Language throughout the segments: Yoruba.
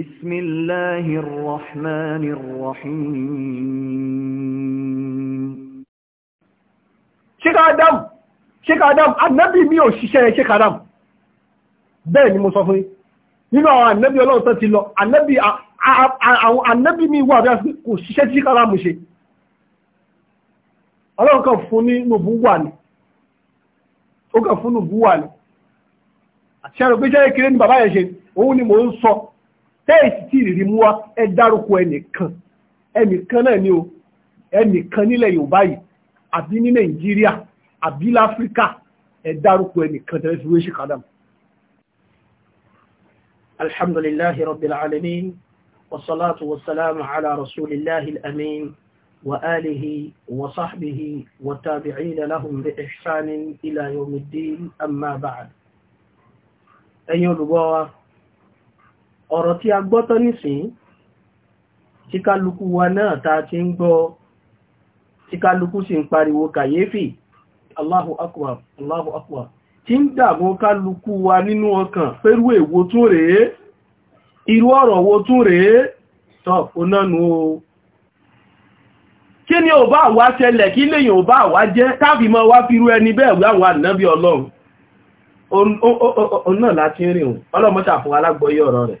بسم الله الرحمن الرحيم Sheikh Adam Sheikh Adam ànábì mi ò ṣiṣẹ́ Sheikh Adam bẹ́ẹ̀ ni mo sọ fún nínú àwọn ànábì Ọlọ́run tó ti lọ ànábì àwọn ànábì mi wà bí kò ṣiṣẹ́ tí Sheikh Adam ṣe Ọlọ́run kan fún ní nùbú wà ní ó kàn fún nùbú wà ní àti ṣẹ́rọ̀ pé jẹ́ kéré ni bàbá yẹn ṣe òun ni mò ń sọ tẹ́ẹ̀sì tí ìrírí mú wa ẹ dárúkọ ẹnìkan ẹnìkan náà ni o ẹnìkan nílẹ̀ yorùbá yìí àbí ní nàìjíríà àbí láfíríkà ẹ dárúkọ ẹnìkan tẹ́lẹ̀ fi wé ṣe kádàm. alhamdulillahi rabbil alamin wasalaatu wasalaamu ala rasulillahi al-amin wa alihi wa sahbihi wa tabi'ina lahum bi ihsanin ila yawmiddin amma ba'd. ẹ̀yin olùgbọ́ wa. ọ̀rọ̀ tí a gbọ́tọ́ nísìn tí kálukú wa náà ta ti ń gbọ́ tí kálukú sì ń pariwo kàyéfì Allahu akbar Allahu akbar tí ń dàbò kálukú wa nínú ọkàn pẹ̀lú èwo tún rèé irú ọ̀rọ̀ wo tún rèé tọ́ onánu o kí ni ò bá wá ṣẹlẹ̀ kí léyìn ò bá wá jẹ́ káàfì mọ́ wá fírú ẹni bẹ́ẹ̀ wí àwọn ànábì ọlọ́run òun náà láti rìn òun ọlọ́mọ́ta fún alágbọ́yé ọ̀rọ̀ rẹ̀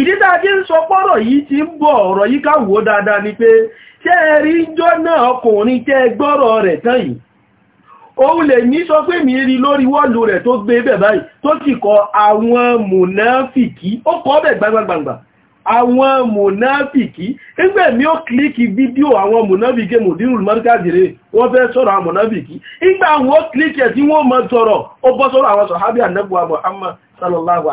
idida tí ń sọ pọ́rọ̀ yìí ti ń bọ̀ ọ̀rọ̀ yìí káwò dáadáa ni pé ṣé ẹ rí jọ náà ọkùnrin tẹ́ gbọ́rọ̀ rẹ̀ tán yìí òun lè ní sọ pé mi rí lórí wọ́ọ̀lù rẹ̀ tó gbé bẹ̀ kọ àwọn mùnáfìkì ó kọ́ bẹ̀ àwọn mùnáfìkì mi ó klik fídíò àwọn mùnáfìkì wọ́n fẹ́ àwọn mùnáfìkì àwọn ẹ̀ tí wọ́n mọ́ ó bọ́ àwọn sọ̀hábíà nẹ́bùwà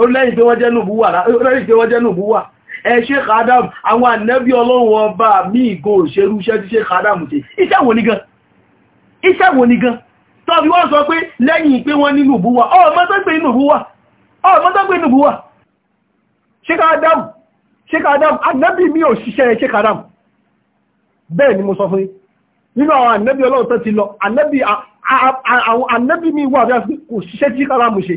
orílẹ̀-èdè tí wọ́n jẹ́ nùbú wà ẹ Sheikh Adam àwọn ànẹ́bí ọlọ́run ọba mí ìgò òṣèrú iṣẹ́ tí Sheikh Adam ṣe iṣẹ́ wo ni gan iṣẹ́ wo ni gan tọ́bí wọ́n sọ pé lẹ́yìn pé wọ́n ní nùbú wà ọmọ tó gbé nùbú wà ọmọ tó gbé nùbú Adam Sheikh Adam ànẹ́bí mi ò ṣiṣẹ́ Sheikh Adam bẹ́ẹ̀ ni mo sọ fún nínú àwọn ànẹ́bí ọlọ́run tó ti lọ mi wà bí kò ṣiṣẹ́ ṣe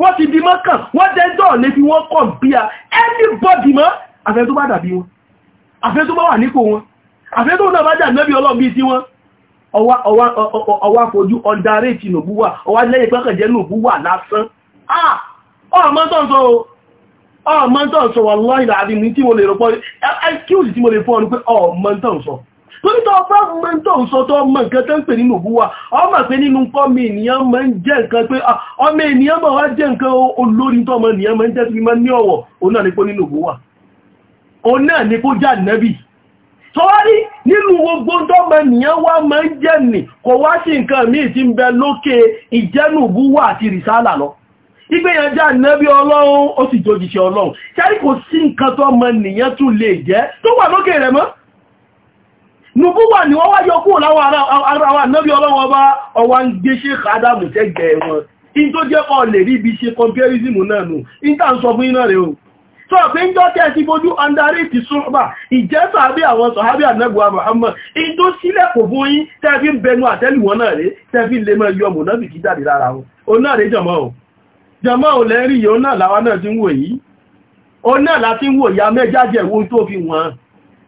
wọ́n ti di mọ́ kàn wọ́n dẹ́jọ́ lè fi wọ́n kọ̀ bí a anybody mọ́ àfẹ́ bá dàbí wọn àfẹ́ bá wà nípò wọn àfẹ́ náà bá jà nẹ́bí ọlọ́bí sí wọ́n ọwá fojú ti nùbúwà ọwá lẹ́yìn pẹ́kẹ̀jẹ́ nùbúwà lásán ọmọ tọ́ǹsọ̀ tí mo lè torí tó bá mọ́ tó ń sọ tó mọ́ nǹkan tó ń pè nínú òbúwa ọmọ pé nínú kọ́ mi ènìyàn ń jẹ́ nǹkan pé ah, ọmọ ènìyàn ma wá jẹ́ nǹkan olórin tó ọmọ ènìyàn ní ọ̀wọ̀ òun nínú gbogbo tọ́mọ ènìyàn wá ń jẹ́ nì kò wá sí nǹkan míì ń bẹ lókè lọ ọlọ́run ó sì jòjìṣẹ́ ọlọ́run ṣẹ́rí kò sí nǹkan tọ́mọ ènìyàn tún lè nùbúwà ni wọ́n wá yọ kúrò láwọn ara wa náà bí ọlọ́wọ́ bá ọwá ń gbé ṣe kàádámù tẹ́gbẹ̀ẹ́ wọn in tó jẹ́ kọ́ lè rí ibi ṣe comparison náà nù in tà ń sọ fún iná rẹ̀ o tó pé ń jọ́ tẹ́ bójú andarí ti súnmà ìjẹ́ sàábí àwọn sọ̀hábí ànẹ́gbà Muhammad in tó sílẹ̀ kò fún yín tẹ́ fi ń bẹnu àtẹ́lù wọn náà rẹ̀ tẹ́ fi lè mọ́ yọ mùnábì kí jáde lára wọn o náà rẹ̀ jọmọ́ o jọmọ́ o lẹ́rìí yóò náà láwa náà ti ń wò yìí o náà láti ń wò yá mẹ́jájẹ̀ wo tó fi wọ́n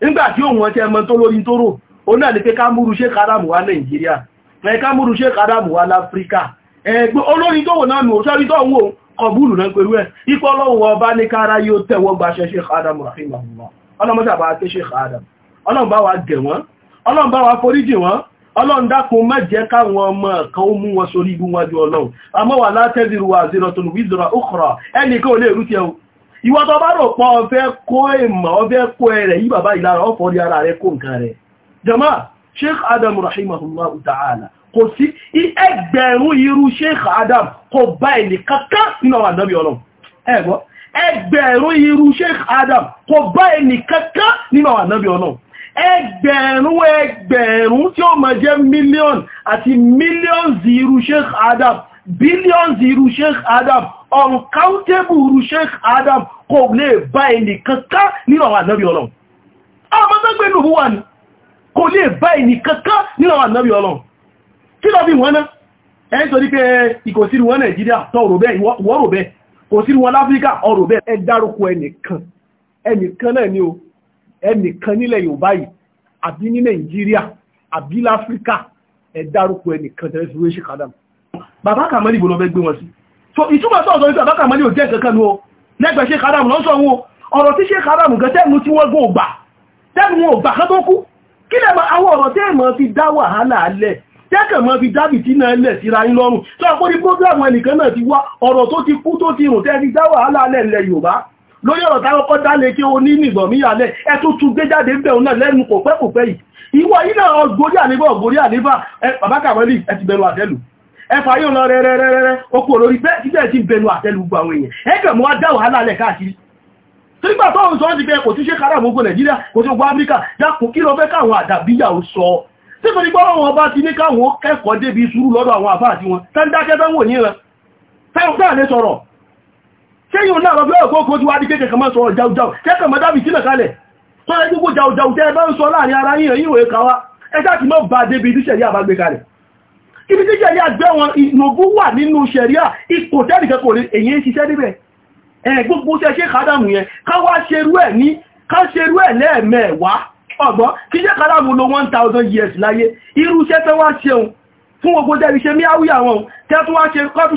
nígbàtí òun ọ̀tẹ́ ẹmọ tó lórí tó rò ó náà ní pé kámúrú ṣe kádàmù wá nàìjíríà ẹ kámúrú ṣe kádàmù wá láfíríkà ẹgbẹ́ olórin tó wò náà nù sọ́rí tó wò kọbúlù náà pẹ̀lú ẹ̀ ipò ọlọ́run ọba ní kára yóò tẹ́wọ́ gbaṣẹ́ ṣe kádàmù rahimahullah ọlọ́run bá wa tẹ́ ṣe kádàmù ọlọ́run bá wa gẹ̀ wọ́n ọlọ́run bá wa foríjì wọ́n ọlọ́run dákun má ìwọ tó bá rò pọ̀ ọ̀fẹ́ kó èmà ọ̀fẹ́ kó ẹ̀rẹ̀ yí bàbá ìlara ọ̀fọ́ rí ara rẹ̀ kó nǹkan rẹ̀ jama sheikh adam rahimahullah ta'ala kò sí ẹgbẹ̀rún irú sheikh adam kò bá ẹni kankan nínú àwọn ànábì ọlọ́run ẹgbọ́ ẹgbẹ̀rún irú sheikh adam kò bá ẹni kankan nínú àwọn ànábì ọlọ́run ẹgbẹ̀rún ẹgbẹ̀rún tí ó máa jẹ́ mílíọ̀n àti mílíọ̀n irú sheikh adam billions irú sheikh adam uncountable irú sheikh adam kò lè bá ẹni kankan nínú àwọn ànábí ọlọ́run àmọ́tẹ́gbẹ́ ìlú wà ní kò lè bá ẹni kankan nínú àwọn ànábí ọlọ́run kí lọ bí wọ́n náà ẹ́ sọ ní pé ìkòsíru wọn nàìjíríà tọ́ òròbẹ́ ìwọ́ròbẹ́ kòsíru wọn láfíríkà ọrọ̀bẹ́ ẹ dárúkọ ẹnìkan ẹnìkan náà ni o ẹnìkan nílẹ̀ yorùbá yìí àbí ní nàìjíríà àbí láfíríkà ẹ dárúkọ ẹnìkan tẹ́lẹ̀ fi wé bàbá kàmẹ́lì gbọ́nà bẹ́ gbé wọn sí so ìtumọ̀ sọ́ọ̀sọ́ ní bàbá kàmẹ́lì ò jẹ́ nǹkankan ní o lẹ́gbẹ̀ẹ́ ṣe káràmù lọ́sọ̀ wọn ọ̀rọ̀ tí ṣe káràmù gan tẹ́nu tí wọ́n gbọ́ ògbà tẹ́nu wọn ògbà kan tó kú kí lẹ́ àwọn ọ̀rọ̀ tẹ́ mọ́ fi dá wàhálà alẹ́ tẹ́kẹ̀ mọ́ fi dábì tí náà lẹ̀ síra yín lọ́rùn tó àpò ní prógrámù ẹnìkan náà ti wá ọ̀rọ̀ tó ti kú tó ti rùn tẹ́ fi dá wàhálà alẹ́ ilẹ̀ Yorùbá lórí ọ̀rọ̀ táwọn kọ́ dálé kí o ní nìgbọ̀míyàlẹ̀ ẹ tó tún gbé jáde ń bẹ̀rún náà lẹ́nu kò pẹ́ kò pẹ́ yìí ìwọ yìí náà ọgbórí àníbà ọgbórí àníbà ẹ bàbá kàwẹ́lì ẹ ti bẹ̀rù àtẹ́lù ẹfà yóò lọ rẹ̀rẹ̀rẹ̀rẹ̀ okò olórí bẹ́ẹ̀ tí bẹnu àtẹ́lù gbogbo àwọn èèyàn ẹgbẹ̀ mọ́ dá wàhálà lẹ̀ káàkiri nígbà tó ń sọ ti pé kò tí ṣe kára mọ́gbọ̀n nàìjíríà kò tí ó gbọ́ áfíríkà dákùn kí lọ fẹ́ káwọn àdàbíyà ó sọ tí kò ní wọn bá ti ní káwọn kẹ́kọ̀ọ́ débi lọ́dọ̀ àwọn wọn dákẹ́ tán wò lè sọ̀rọ̀ ṣé yóò náà ọ̀kọ́ kó tí wá kawa ẹ ti mọ́ bá débi àbágbé kalẹ̀ ibi tí jẹ́ ní àgbẹ́ wọn ìnògú wà nínú ṣẹ̀ríà ipò tẹ́nìkan kò rí èyí ń ṣiṣẹ́ níbẹ̀ ẹ̀ gbogbo ṣe ṣe kádàmù yẹn káwá ṣerú ẹ̀ ní ká ṣerú ẹ̀ lẹ́ẹ̀mẹ́wàá ọ̀gbọ́n kí years láyé irúṣẹ́ tẹ́ wá ṣeun fún gbogbo tẹ́bi ṣe míáwúyà wọn tẹ́tún wá ṣe kọ́tù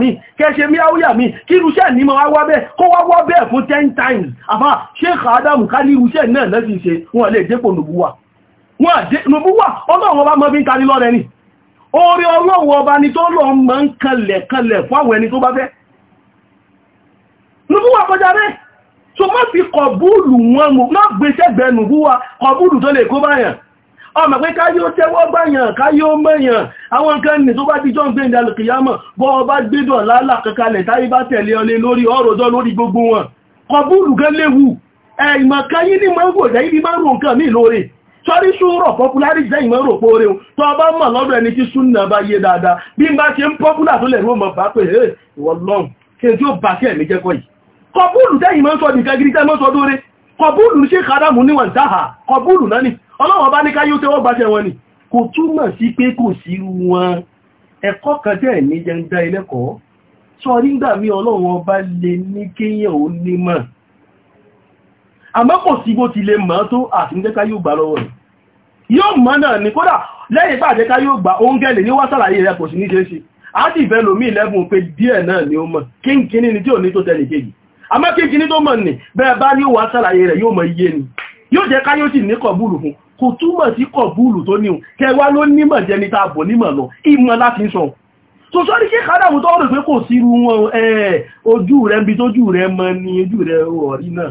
mi kẹ́ ṣe mi kí irúṣẹ́ ní ma wá bẹ́ẹ̀ kó wá wá times àmá ṣe kádàmù ká ní irúṣẹ́ náà lẹ́sìn ṣe wọn lè dépò nùbúwà wọn àdé nùbúwà ọlọ́run ọba mọ́ ń ta ní lọ́rẹ́ ni orí ọlọ́wọ́ ọba ni tó lọ mọ́ ń kalẹ̀ kalẹ̀ fáwọn ẹni tó bá fẹ́ nùbúwà kọjá rẹ̀ so má fi kọ̀búùlù wọn mú má gbéṣẹ́gbẹ̀ nùbúwà kọ̀búùlù tó lè kó báyàn ọmọ pé káyé ó tẹ́wọ́ báyàn káyé ó mẹ́yàn àwọn nǹkan nì tó bá di john gbẹ̀ndà lùkìyàmọ̀ bọ́ ọba gbẹ́dọ̀ lálàkẹ́kalẹ̀ táyé bá tẹ̀lé ọlé lórí ọ̀rọ̀dọ́ lórí gbogbo wọn kọ̀búùlù gan léwu ẹ̀ìmọ̀ torí ṣúrọ̀ pọ́pùlárì jẹ́ ìmọ̀rò póore tó ọba mọ̀ lọ́dọ̀ ẹni tí súnà bá yé dáadáa bí n bá ṣe ń pọ́pùlà tó lẹ̀ rọ́mọ̀ bá pé ẹ̀ wọ́lọ́n kí n tí ó bá sí ẹ̀mí jẹ́kọ́ yìí kọbúlù tẹ́yìn mọ́ sọ nìkan gidi tẹ́mọ́ sọ dóore kọbúlù ṣe kàdámù níwọ̀n dáhà kọbúlù náà ni ọlọ́wọ̀n bá ní káyé ó tẹ́wọ́ gbáṣẹ́ wọn ni kò túmọ̀ sí pé kò sí wọn ẹ̀kọ́ dá ilẹ́kọ̀ọ́ àmọ́ kò sí bó ti lè mọ́ tó àti ń jẹ́ká yóò gbà lọ́wọ́ rẹ̀ yóò mọ́ náà ní kódà lẹ́yìn bá jẹ́ká yóò gbà oúnjẹ́lẹ̀ ní wásàlàyé rẹ̀ kò sí ní ṣeéṣe a ti fẹ́ lómi lẹ́bùn pé díẹ̀ náà ni ó mọ̀ kínkíní ni tí ò ní tó tẹ́lẹ̀ kejì àmọ́ kínkíní tó mọ̀ ní bẹ́ẹ̀ bá ní wásàlàyé rẹ̀ yóò mọ iye ni yóò jẹ́ ká yóò sì ní kọ̀búlù fún kò túmọ̀ sí kọ̀búlù tó níhun kẹwa ló nímọ̀ jẹ́ ní tàbọ̀ nímọ̀ lọ ìmọ̀ láti sọ so sọ́rí kí kádàmù tó rò pé kò sírú wọn ojú rẹ̀ bí tójú rẹ̀ mọ ni ojú rẹ̀ rọ̀ náà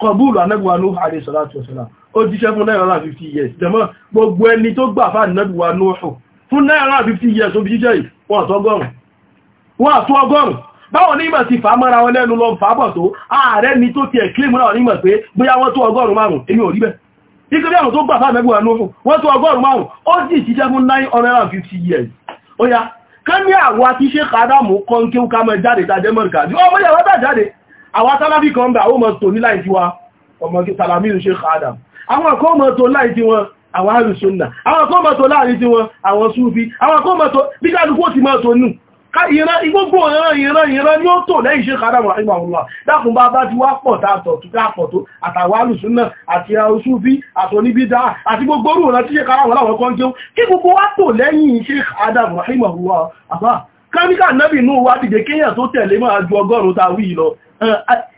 kọbúlù anẹ́gbùwa Nuh alayhi salatu wasalam ó jíṣẹ́ fún 950 years jẹmọ́ gbogbo ẹni tó gbà fà anẹ́gbùwa Nuh fún 50 years ó bí jíṣẹ́ yìí wọ́n àtọ́ ọgọ́rùn báwọn onímọ̀ ti fà mọ́ra wọn lẹ́nu lọ fàábọ̀ tó ààrẹ ni tó ti ẹ̀kílẹ̀ mọ́ra onímọ̀ pé bóyá wọ́n tó ọgọ́rùn márùn èmi ò rí bẹ́ẹ̀ nítorí àwọn tó gbà fà mẹ́gbùwà lóòrùn wọ́n tó ọgọ́rùn márùn ó sì ṣiṣẹ́ fún 950 years ó yá ká ní àwọn àti ṣe kàádámù kọ́ńkéwú ká mọ́ jáde tàjẹ́mọ̀rìkà àwọn sálábì kan bẹ̀ àwọn ọmọ tò ní láì tiwa ọmọ sàlámì ṣe kàádà àwọn kan mọ̀ tó láì tí wọn àwọn àrùsùnà àwọn kan mọ̀ tó láàrin tí wọn àwọn súfí àwọn kan mọ̀ tó bí kálukú ti mọ̀ tó nù ìgbógbó ìran ìran ìran ni ó tò lẹ́yìn ṣe kàádà wà nígbà wọn dákùn bá bá ti wá pọ̀ tààtọ̀ tó dápọ̀ tó àtàwọn àrùsùnà àti àrùsúfí àtòníbídá àti gbogbo orú ìran tí ṣe kàádà wọn láwọn kan lẹ́yìn ṣe káníkà náàbì inú wá dìde kéyàn tó tẹ̀lé máa ju ọgọ́rùn ta wí lọ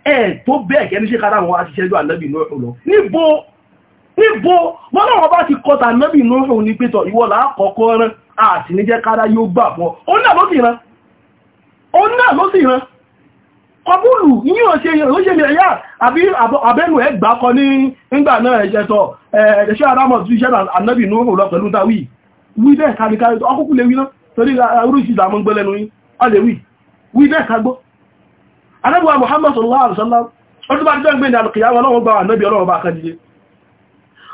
ẹ̀ tó bẹ́ẹ̀ ṣe kára wọn àti ṣẹ́jú ànábì inú lọ níbo níbo wọn bá ti kọta ànábì inú ọ̀rọ̀ ní pétọ̀ ìwọ láàkọ́kọ́ rán àti níjẹ́ kára yóò gbà fún ọ náà ló sì rán ọ náà ló sì rán kọbúlù yíò ṣe àbí kọ ní náà adámọ̀ pẹ̀lú wí bẹ́ẹ̀ torí oríṣìí ìdàmú gbẹ́lẹ́nu yí a lè wí wí bẹ́ẹ̀ kagbó anábíwá Muhammad sallallahu alaihi wasallam ó tó bá jẹ́ gbé ní alùkìyàwó ọlọ́run bá ànábí ọlọ́run bá kan dìde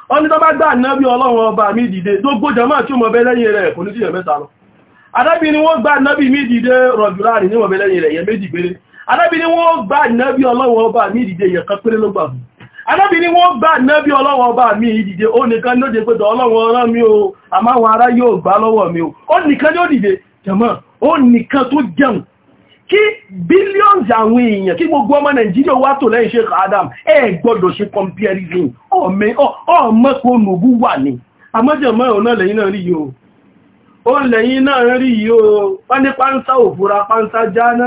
ó ní tó bá gbá ànábí ọlọ́run bá mi dìde dógbó jama tí ó mọ̀ bẹ́ lẹ́yìn rẹ̀ kò ní sí ẹ̀mẹ́ta lọ adábí ni wọ́n gbá ànábí mi dìde rọ̀jùláàrin ní mọ̀ bẹ́ lẹ́yìn rẹ̀ yẹ méjì péré adábí ni wọ́n gbá ànábí ọlọ́run bá mi Ànábì ni wọ́n gbà nẹ́bí ọlọ́wọ́ ọba mi ìdìde, ó nìkan ló dé pẹ́tọ̀ ọlọ́wọ́ ọ̀rán mi o, àmáwọn ará yóò gbà lọ́wọ́ mi o. Ó nìkan ló dìde, jẹ̀mọ́, ó nìkan tó jẹun. Kí billions àwọn èèyàn, kí gbogbo ọmọ Nàìjíríà wá tò lẹ́yìn Sheikh Adam, ẹ gbọ́dọ̀ ṣe comparison, ọmọ kò nùbú wà ní. Àmọ́jẹ̀mọ́ ọ̀nà lẹ́yìn náà rí yìí o. Ó lẹ́yìn náà rí yìí o, pánípánsá òfúra, pánsá jáná.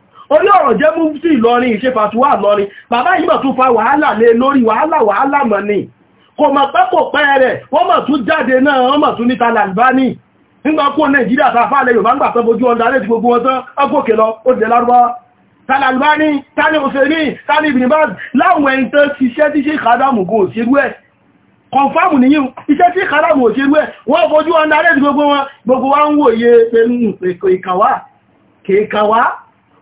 orí ọ̀rọ̀ jẹ́ mú sí Ìlọrin ìṣẹ́fàtúwà lọrin bàbá yìí mà tún fa wàhálà lé lórí wàhálà wàhálà mọ̀ ni kò mọ̀ pẹ́ kò pẹ́ rẹ̀ wọ́n mọ̀ tún jáde náà wọ́n mọ̀ tún níta làlbáni nígbà kó Nàìjíríà tàfàlẹ̀ Yorùbá ń gbà tán bojú ọ̀dá lẹ́ti gbogbo ọ̀tán ọgbòkè lọ ó dẹ̀ lárúbáwá tàlàlbáni tàní òṣèrí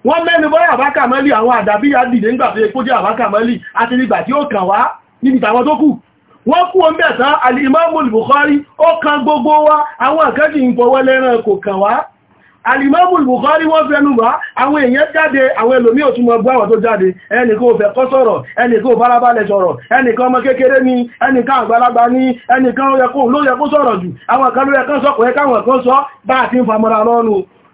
wọ́n mẹ́nu bọ́yà àbákà mẹ́lì àwọn àdàbíyà dìde nígbà tó yẹ kó jẹ́ àbákà mẹ́lì àti nígbà tí ó kàn wá níbi tàwọn tó kù wọ́n kú oúnjẹ tán alìmọ́mù Bukhari ó kan gbogbo wa àwọn àkẹ́jì ń fọwọ́ lẹ́ran kò kàn wá alìmọ́mù Bukhari wọ́n fẹ́nu wá àwọn èèyàn jáde àwọn ẹlòmí ò túnmọ̀ gbáwọ̀ tó jáde ẹnìkan ò fẹ́ kọ́ sọ̀rọ̀ ẹnìkan ò farabalẹ̀ sọ̀rọ̀ ẹnìkan ọmọ kékeré ni ẹnìkan àgbàlagbà ni ẹnìkan ló yẹ kó sọ̀rọ̀ jù àwọn kan ló yẹ kán sọ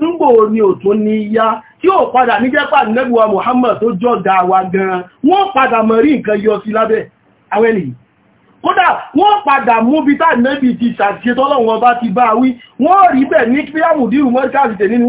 ńgbò ni ò tún ní yá tí ó padà ní jẹ́pà nẹ́bùwa Muhammad tó jọ dá wa gan wọ́n padà mọ̀ rí nǹkan yọ sí lábẹ́ àwọn ènìyàn kódà wọ́n padà mú bí tá nẹ́bì ti ṣàtìṣẹ́tọ́lọ́wọ́n bá ti bá wí wọ́n rí bẹ̀ ní pé àmùdírù mọ́ríkàsì tẹ̀ nínú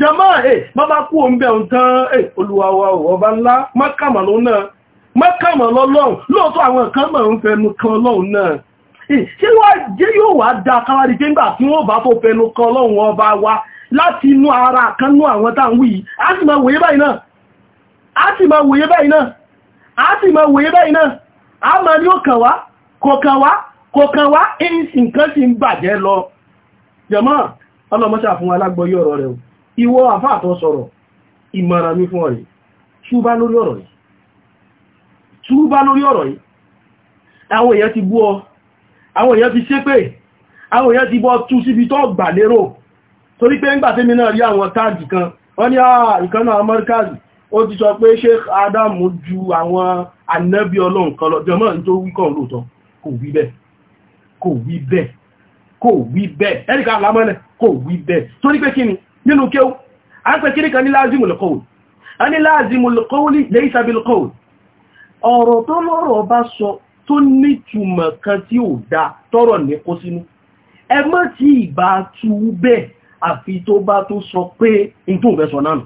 jama eh bàbá kú òǹbẹ̀ ǹkan eh olùwàwà ọba ńlá mọ́kàmà ló náà mọ́kàmà lọ́lọ́run lóòótọ́ àwọn kan mọ̀ ń fẹnu kan ọlọ́run náà eh, ṣé da káwárí ngba ńgbà tí wọ́n kan ọba wa lati inú ara kan awọn àwọn tá à ń wí yìí á sì bayi fún ọrọ ìwọ àfáàtọ̀ sọ̀rọ̀ ìmọ̀ràn mi fún ọ̀rẹ́ túbá lórí ọ̀rọ̀ yìí túbá lórí ọ̀rọ̀ yìí àwọn èèyàn ti bú ọ àwọn èèyàn ti ṣépè àwọn èèyàn ti bọ́ tú síbi tó gbà lérò torí pé ńgbà tẹ́mi náà rí àwọn táàgì kan wọ́n ní ìkànnà amẹ́ríkàzì ó ti sọ pé Sheikh Adam ju àwọn ànábì ọlọ́run kan lọ jọmọ́ ní tó wí kàn lóòótọ́ kò wí bẹ́ẹ̀ kò wí bẹ́ẹ̀ kò wí bẹ́ẹ̀ ẹ̀ríkà lámọ́lẹ̀ kò wí bẹ́ẹ̀ torí pé kí ni nínú kéw a ń pẹ kiri kan ní láàzimul qawl a ní láàzimul qawli laysa bil qawl ọ̀rọ̀ tó lọ́rọ̀ bá sọ tó nítumọ̀ kan tí ò dá tọ́rọ̀ ní kó sínú ẹ mọ́ tí ìbá tú bẹ́ẹ̀ àfi tó bá tó sọ pé in tó bẹ́ sọ náà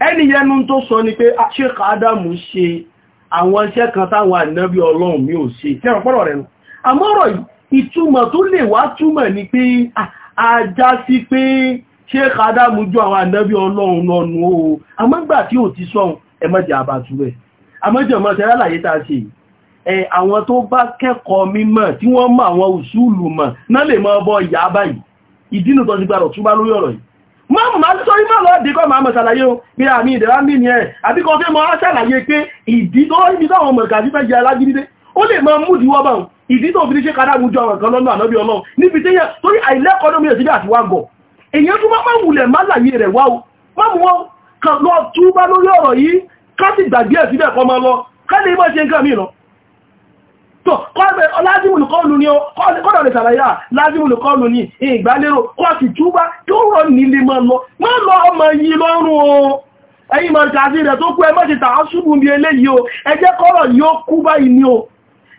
ẹni yẹnu tó sọ ni pé ah, Sheikh Adamu ṣe àwọn iṣẹ́ kan táwọn ànábí ọlọ́run mi ò ṣe tẹ́rọ pọ́rọ̀ rẹ̀ nù àmọ́rọ̀ ìtumọ̀ tó lè wá túmọ̀ ni pé ah, a sí pé Sheikh Adamu jọ àwọn ànábí ọlọ́run lọ́nu o àmọ́gbà tí ò ti sọ́hun ẹmọ́jà àbàtú rẹ̀ àmọ́jọ̀ mọ́ sẹ́rẹ́ àlàyé tá a ṣe ẹ àwọn tó bá kẹ́kọ̀ọ́ mímọ̀ tí wọ́n mọ àwọn òṣùlù mọ̀ náà lè mọ́ bọ́ ìyá báyìí ìdínú tó ti gbàrọ̀ túbá lórí ọ̀rọ̀ yìí máàmù máa sọ́rí máa lọ́dí kọ́ máa mọ̀ sàlàyé o pé àmì ìdẹ̀rá mí ní ẹ̀ àbíkọ́ fẹ́ máa sàlàyé pé ìdí tó ibi táwọn mọ̀ká sí fẹ́ jẹ alágídídé ó lè máa mú ìdíwọ́ bá fi ní ṣe kádàmú jọ àwọn kan lọ́nà ànábí ọlọ́run níbi tí yẹn torí àìlẹ́kọ̀ọ́ lómi ẹ̀ síbẹ̀ àti wá gọ̀ èyàn tó bá máa wùlẹ̀ má rẹ̀ wá o má mú wọn kàn lọ lórí ọ̀rọ̀ yìí ká sì gbàgbé ẹ̀ síbẹ̀ kọ́ máa lọ ká lè mọ́ ṣe tó ni ìgbàlérò kọ́ sì túbá tó rọ̀ nílé lọ má lọ ọmọ yìí lọ́rùn o ẹ̀yìn mọ̀ tó kú ẹ mọ́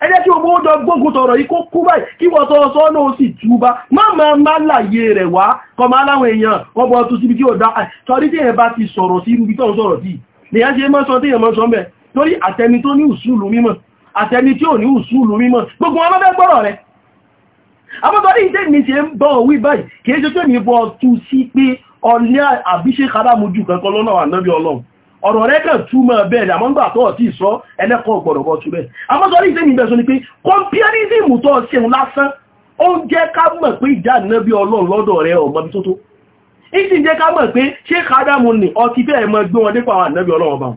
ẹjẹ́ kí ogbó jọ gbógun tọ̀rọ̀ yìí kó kú báyìí kí wọ́n tọ́ sọ́ náà sì túbá má má má láyé rẹ̀ wá kọmọ aláwọn èèyàn wọ́n bọ́ tún síbi kí ó dá torí tí èèyàn bá ti sọ̀rọ̀ sí ibi tó ń sọ̀rọ̀ sí nìyàn ṣe mọ́ sọ tí èèyàn mọ́ sọ mẹ́ torí àtẹni tó ní ùsùlù mímọ̀ àtẹni ọ̀rọ̀ rẹ̀ kàn túmọ̀ bẹ́ẹ̀ àmọ́ nígbà tó ọ̀tí ìsọ ẹlẹ́kọ̀ọ́ gbọ̀rọ̀gbọ̀ tú bẹ́ẹ̀ amọ́sọ́rí ìsẹ́ ìgbẹ̀ sọ ni pé comparison tó ṣeun lásán ó ń jẹ́ ká mọ̀ pé ìjà nábì ọlọ́run lọ́dọ̀ rẹ̀ ọmọ bí tó tó ìsì jẹ́ ká mọ̀ pé ṣé kádámù nì ọtí bẹ́ẹ̀ mọ́ gbé wọn dípò àwọn ànábì ọlọ́run ọba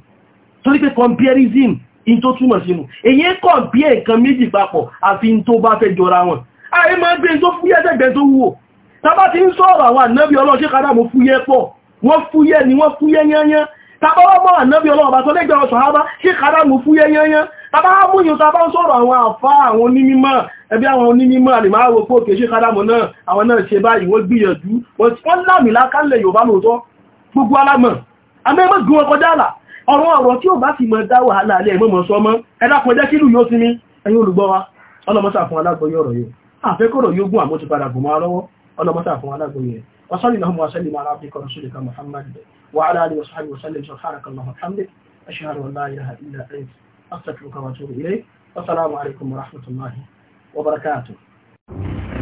torí pé comparison in tó túmọ̀ sínú èyí kọ̀ bí nǹkan méjì papọ̀ àfi in tó bá fẹ́ jọra wọn àyè máa gbé tó fúyẹ́ tẹ́gbẹ́ tó wúwo tá bá ti ń sọ̀rọ̀ àwọn ànábì ọlọ́run ṣé kádámù fúyẹ́ pọ̀ wọ́n fúyẹ́ ni wọ́n fúyẹ́ yányán tàbáwọ́mọ́ ànábí ọlọ́ọ̀bá tó lẹ́gbẹ̀ẹ́ ọ̀ṣọ̀ hábá ṣe kàrámù fún yẹnyẹnyẹn tàbáwọ́mú yóò tàbá ń sọ̀rọ̀ àwọn àfá àwọn onímímọ̀ ẹbí àwọn onímímọ̀ àlèmáwò pò kèṣe kàrámù náà àwọn náà ṣe báyìí wọ́n gbìyànjú wọ́n lámìlá kálẹ̀ Yorùbá lóòótọ́ gbogbo alámọ̀ amẹ́mọ́ gún ọkọ̀ dáàlà ọ̀rọ̀ ọ̀rọ̀ tí ó bá sì mọ̀ dá wàhálà alẹ́ ẹ̀mọ́mọ̀ sọmọ́ ẹ̀dàkùn ẹjẹ́ kílù yóò sinmi ẹ̀yin olùgbọ́ wa ọlọ́mọ́sà fún alágbọ́yọ̀ ọ̀rọ̀ yìí àfẹ́kọ̀rọ̀ yóò gún àmọ́ ti padà gùn mọ́ lọ́wọ́ ọlọ́mọ́sà fún alágbọ́yọ̀ وصل اللهم وسلم على عبدك ورسولك محمد وعلى اله وصحبه وسلم سبحانك اللهم وبحمدك اشهد ان لا اله الا انت استغفرك واتوب اليك والسلام عليكم ورحمه الله وبركاته